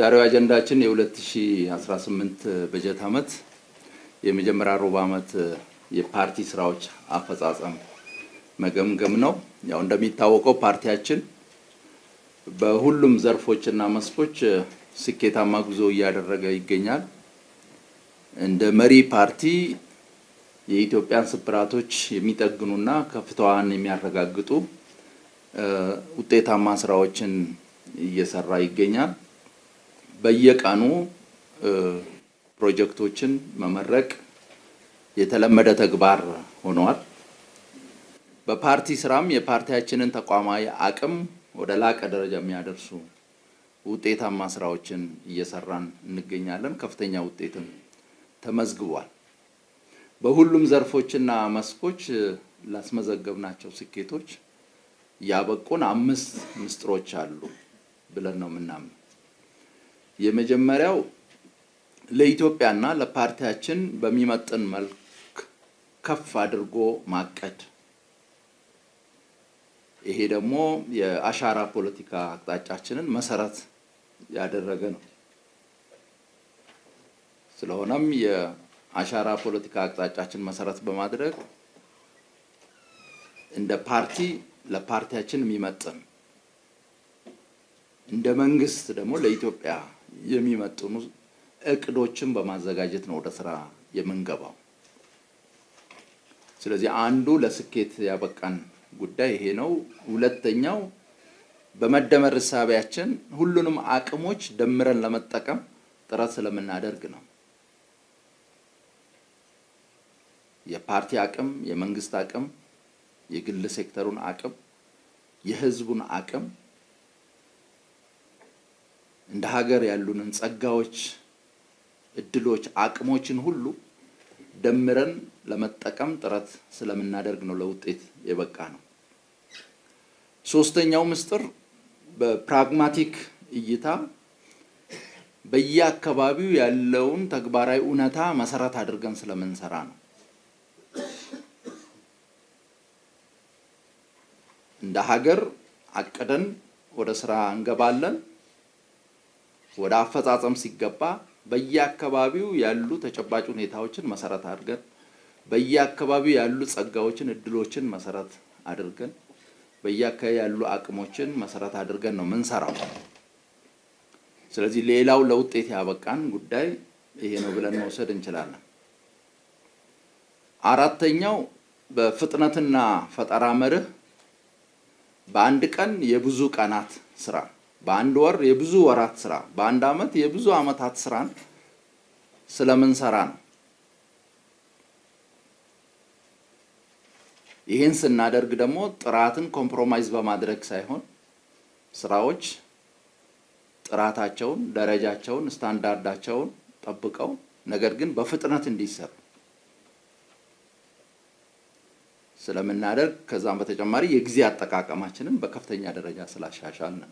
የዛሬው አጀንዳችን የ2018 በጀት ዓመት የመጀመሪያ ሩብ ዓመት የፓርቲ ስራዎች አፈጻጸም መገምገም ነው። ያው እንደሚታወቀው ፓርቲያችን በሁሉም ዘርፎች መስኮች ስኬታማ ጉዞ እያደረገ ይገኛል። እንደ መሪ ፓርቲ የኢትዮጵያን ስብራቶች የሚጠግኑና ከፍታዋን የሚያረጋግጡ ውጤታማ ስራዎችን እየሰራ ይገኛል። በየቀኑ ፕሮጀክቶችን መመረቅ የተለመደ ተግባር ሆኗል። በፓርቲ ስራም የፓርቲያችንን ተቋማዊ አቅም ወደ ላቀ ደረጃ የሚያደርሱ ውጤታማ ስራዎችን እየሰራን እንገኛለን። ከፍተኛ ውጤትም ተመዝግቧል። በሁሉም ዘርፎችና መስኮች ላስመዘገብናቸው ስኬቶች ያበቁን አምስት ምስጢሮች አሉ ብለን ነው የምናምን የመጀመሪያው ለኢትዮጵያና ለፓርቲያችን በሚመጥን መልክ ከፍ አድርጎ ማቀድ። ይሄ ደግሞ የአሻራ ፖለቲካ አቅጣጫችንን መሰረት ያደረገ ነው። ስለሆነም የአሻራ ፖለቲካ አቅጣጫችን መሰረት በማድረግ እንደ ፓርቲ ለፓርቲያችን የሚመጥን እንደ መንግስት ደግሞ ለኢትዮጵያ የሚመጥኑ እቅዶችን በማዘጋጀት ነው ወደ ስራ የምንገባው። ስለዚህ አንዱ ለስኬት ያበቃን ጉዳይ ይሄ ነው። ሁለተኛው በመደመር እሳቢያችን ሁሉንም አቅሞች ደምረን ለመጠቀም ጥረት ስለምናደርግ ነው። የፓርቲ አቅም፣ የመንግስት አቅም፣ የግል ሴክተሩን አቅም፣ የህዝቡን አቅም እንደ ሀገር ያሉንን ጸጋዎች፣ እድሎች፣ አቅሞችን ሁሉ ደምረን ለመጠቀም ጥረት ስለምናደርግ ነው ለውጤት የበቃ ነው። ሶስተኛው ምስጢር በፕራግማቲክ እይታ በየአካባቢው ያለውን ተግባራዊ እውነታ መሰረት አድርገን ስለምንሰራ ነው። እንደ ሀገር አቅደን ወደ ስራ እንገባለን። ወደ አፈጻጸም ሲገባ በየአካባቢው ያሉ ተጨባጭ ሁኔታዎችን መሰረት አድርገን በየአካባቢው ያሉ ጸጋዎችን፣ እድሎችን መሰረት አድርገን በየአካባቢ ያሉ አቅሞችን መሰረት አድርገን ነው ምንሰራው። ስለዚህ ሌላው ለውጤት ያበቃን ጉዳይ ይሄ ነው ብለን መውሰድ እንችላለን። አራተኛው በፍጥነትና ፈጠራ መርህ በአንድ ቀን የብዙ ቀናት ስራ በአንድ ወር የብዙ ወራት ስራ፣ በአንድ አመት የብዙ አመታት ስራን ስለምንሰራ ነው። ይህን ስናደርግ ደግሞ ጥራትን ኮምፕሮማይዝ በማድረግ ሳይሆን ስራዎች ጥራታቸውን፣ ደረጃቸውን፣ ስታንዳርዳቸውን ጠብቀው ነገር ግን በፍጥነት እንዲሰሩ ስለምናደርግ ከዛም በተጨማሪ የጊዜ አጠቃቀማችንን በከፍተኛ ደረጃ ስላሻሻል ነው።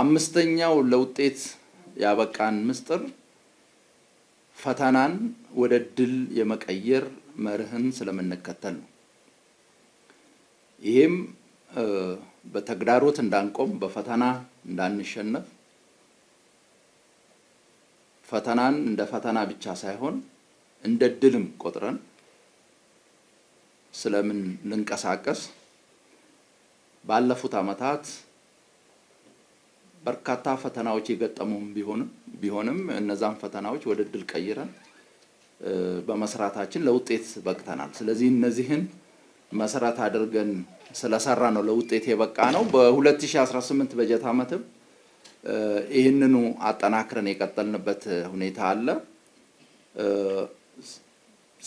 አምስተኛው ለውጤት ያበቃን ምስጢር ፈተናን ወደ ድል የመቀየር መርህን ስለምንከተል ነው። ይሄም በተግዳሮት እንዳንቆም፣ በፈተና እንዳንሸነፍ፣ ፈተናን እንደ ፈተና ብቻ ሳይሆን እንደ ድልም ቆጥረን ስለምን ልንቀሳቀስ ባለፉት ዓመታት በርካታ ፈተናዎች የገጠሙም ቢሆንም እነዛን ፈተናዎች ወደ ድል ቀይረን በመስራታችን ለውጤት በቅተናል። ስለዚህ እነዚህን መሰረት አድርገን ስለሰራ ነው ለውጤት የበቃ ነው። በ2018 በጀት ዓመትም ይህንኑ አጠናክረን የቀጠልንበት ሁኔታ አለ።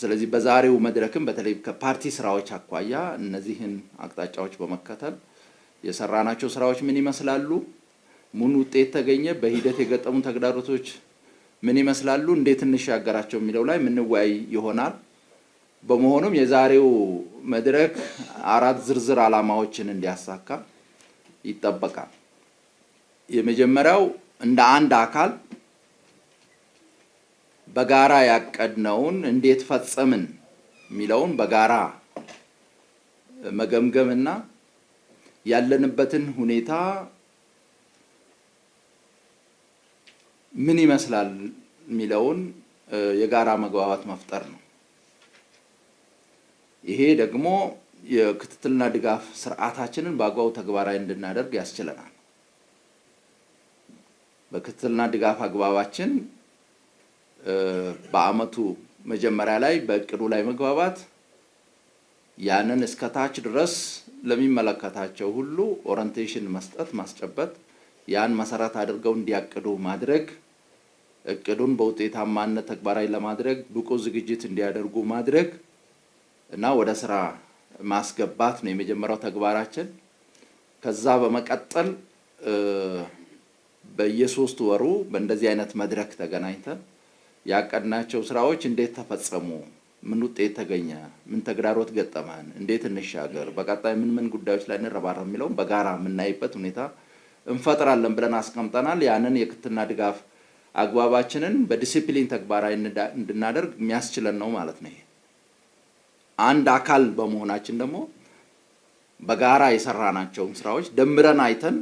ስለዚህ በዛሬው መድረክም በተለይ ከፓርቲ ስራዎች አኳያ እነዚህን አቅጣጫዎች በመከተል የሰራናቸው ስራዎች ምን ይመስላሉ? ምን ውጤት ተገኘ፣ በሂደት የገጠሙ ተግዳሮቶች ምን ይመስላሉ፣ እንዴት እንሻገራቸው የሚለው ላይ የምንወያይ ይሆናል። በመሆኑም የዛሬው መድረክ አራት ዝርዝር ዓላማዎችን እንዲያሳካ ይጠበቃል። የመጀመሪያው እንደ አንድ አካል በጋራ ያቀድነውን እንዴት ፈጸምን የሚለውን በጋራ መገምገምና ያለንበትን ሁኔታ ምን ይመስላል የሚለውን የጋራ መግባባት መፍጠር ነው። ይሄ ደግሞ የክትትልና ድጋፍ ስርዓታችንን በአግባቡ ተግባራዊ እንድናደርግ ያስችለናል። በክትትልና ድጋፍ አግባባችን በአመቱ መጀመሪያ ላይ በእቅዱ ላይ መግባባት ያንን እስከ ታች ድረስ ለሚመለከታቸው ሁሉ ኦሪንቴሽን መስጠት፣ ማስጨበጥ ያን መሰረት አድርገው እንዲያቅዱ ማድረግ እቅዱን በውጤታማነት ተግባራዊ ለማድረግ ብቁ ዝግጅት እንዲያደርጉ ማድረግ እና ወደ ስራ ማስገባት ነው የመጀመሪያው ተግባራችን። ከዛ በመቀጠል በየሶስት ወሩ በእንደዚህ አይነት መድረክ ተገናኝተን ያቀድናቸው ስራዎች እንዴት ተፈጸሙ፣ ምን ውጤት ተገኘ፣ ምን ተግዳሮት ገጠመን፣ እንዴት እንሻገር፣ በቀጣይ ምን ምን ጉዳዮች ላይ እንረባረብ የሚለውም በጋራ የምናይበት ሁኔታ እንፈጥራለን ብለን አስቀምጠናል። ያንን የክትና ድጋፍ አግባባችንን በዲሲፕሊን ተግባራዊ እንድናደርግ የሚያስችለን ነው ማለት ነው። አንድ አካል በመሆናችን ደግሞ በጋራ የሰራናቸውን ስራዎች ደምረን አይተን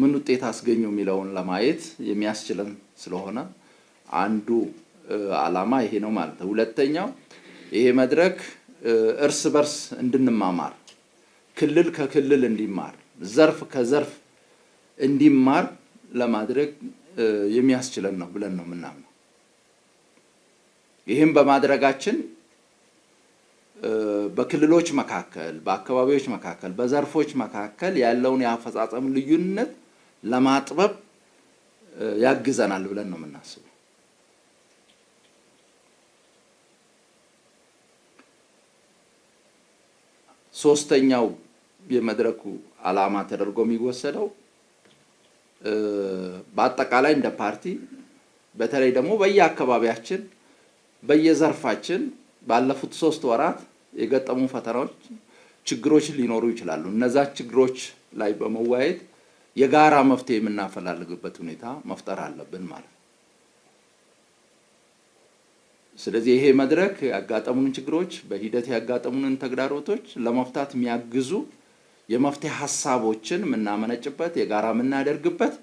ምን ውጤት አስገኙ የሚለውን ለማየት የሚያስችለን ስለሆነ አንዱ ዓላማ ይሄ ነው ማለት ነው። ሁለተኛው ይሄ መድረክ እርስ በርስ እንድንማማር፣ ክልል ከክልል እንዲማር፣ ዘርፍ ከዘርፍ እንዲማር ለማድረግ የሚያስችለን ነው ብለን ነው የምናምነው። ይህም በማድረጋችን በክልሎች መካከል፣ በአካባቢዎች መካከል፣ በዘርፎች መካከል ያለውን የአፈጻጸም ልዩነት ለማጥበብ ያግዘናል ብለን ነው የምናስበው። ሶስተኛው የመድረኩ ዓላማ ተደርጎ የሚወሰደው በአጠቃላይ እንደ ፓርቲ በተለይ ደግሞ በየአካባቢያችን በየዘርፋችን ባለፉት ሶስት ወራት የገጠሙ ፈተናዎች፣ ችግሮች ሊኖሩ ይችላሉ። እነዛ ችግሮች ላይ በመወያየት የጋራ መፍትሄ የምናፈላልግበት ሁኔታ መፍጠር አለብን ማለት ነው። ስለዚህ ይሄ መድረክ ያጋጠሙንን ችግሮች፣ በሂደት ያጋጠሙንን ተግዳሮቶች ለመፍታት የሚያግዙ የመፍትሄ ሀሳቦችን የምናመነጭበት የጋራ የምናደርግበት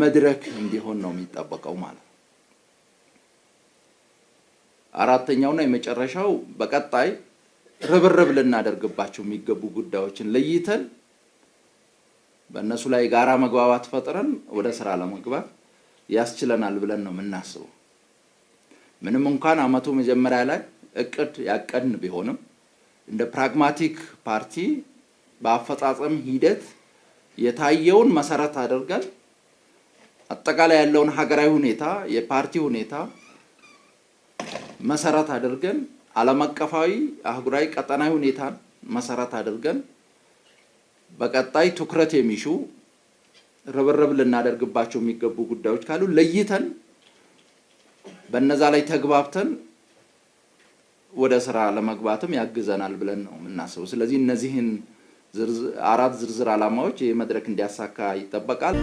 መድረክ እንዲሆን ነው የሚጠበቀው ማለት ነው። አራተኛውና የመጨረሻው በቀጣይ ርብርብ ልናደርግባቸው የሚገቡ ጉዳዮችን ለይተን በእነሱ ላይ ጋራ መግባባት ፈጥረን ወደ ስራ ለመግባት ያስችለናል ብለን ነው የምናስበው። ምንም እንኳን አመቱ መጀመሪያ ላይ እቅድ ያቀድን ቢሆንም እንደ ፕራግማቲክ ፓርቲ በአፈጻጸም ሂደት የታየውን መሰረት አድርገን አጠቃላይ ያለውን ሀገራዊ ሁኔታ፣ የፓርቲ ሁኔታ መሰረት አድርገን ዓለም አቀፋዊ፣ አህጉራዊ፣ ቀጠናዊ ሁኔታን መሰረት አድርገን በቀጣይ ትኩረት የሚሹ ርብርብ ልናደርግባቸው የሚገቡ ጉዳዮች ካሉ ለይተን በነዛ ላይ ተግባብተን ወደ ስራ ለመግባትም ያግዘናል ብለን ነው የምናስበው። ስለዚህ እነዚህን አራት ዝርዝር ዓላማዎች ይህ መድረክ እንዲያሳካ ይጠበቃል።